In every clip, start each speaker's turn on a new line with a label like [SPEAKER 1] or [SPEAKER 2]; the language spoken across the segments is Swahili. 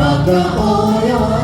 [SPEAKER 1] Pagka oil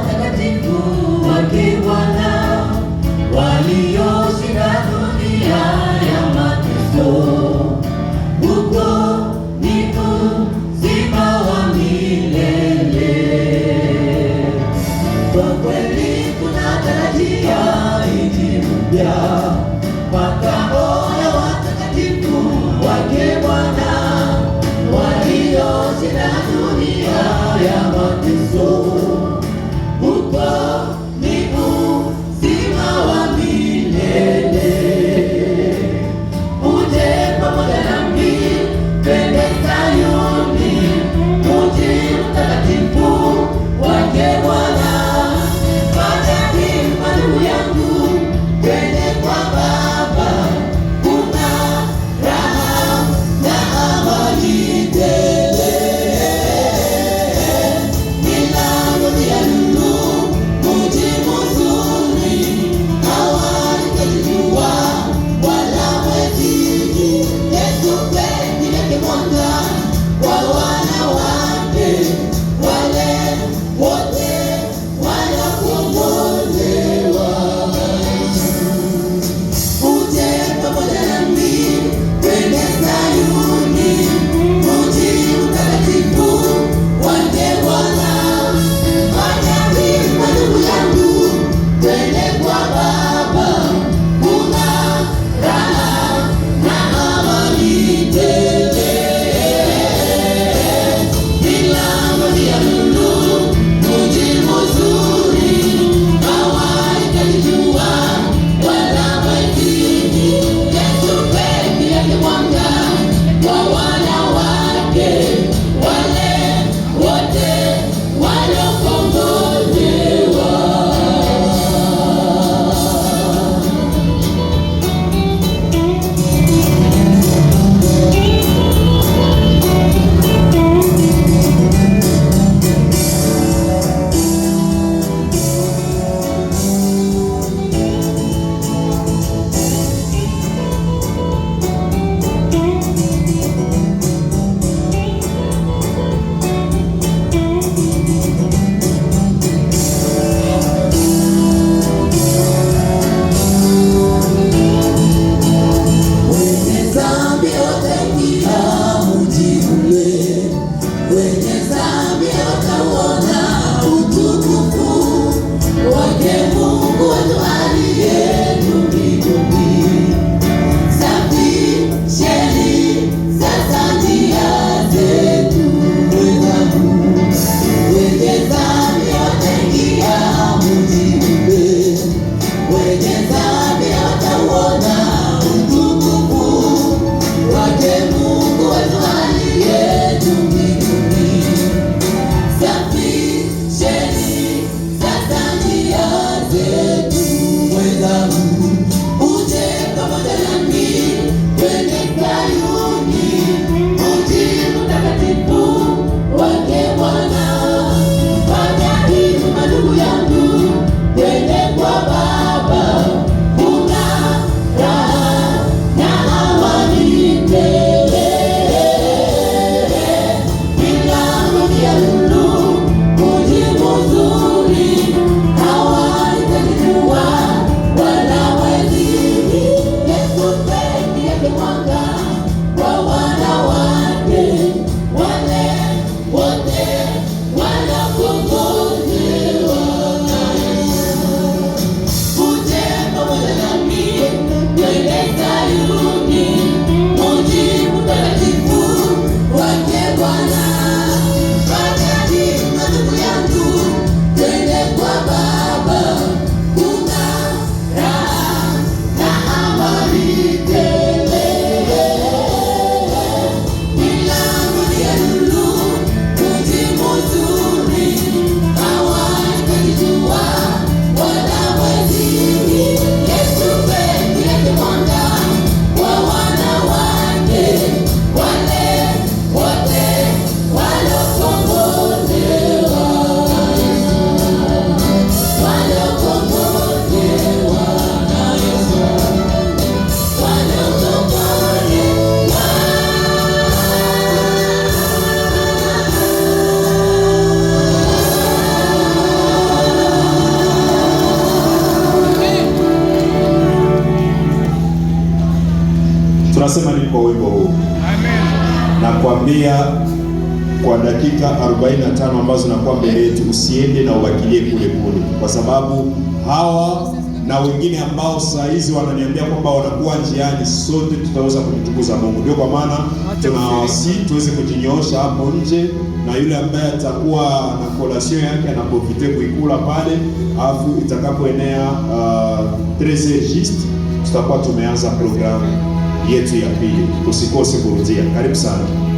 [SPEAKER 2] Tunasema nini kwa wimbo huu? Amen. Nakwambia kwa dakika 45 ambazo nakuwa mbele yetu, usiende na ubakilie kule kule, kwa sababu hawa na wengine ambao saa hizi wananiambia kwamba wanakuwa njiani, sote tutaweza kumtukuza Mungu. Ndio kwa maana tunawasi tuweze kujinyoosha hapo nje, na yule ambaye atakuwa na kolasio yake anapopite kuikula pale, alafu itakapoenea uh, tutakuwa tumeanza programu yetu ya pili. Usikose kurudia. Karibu sana.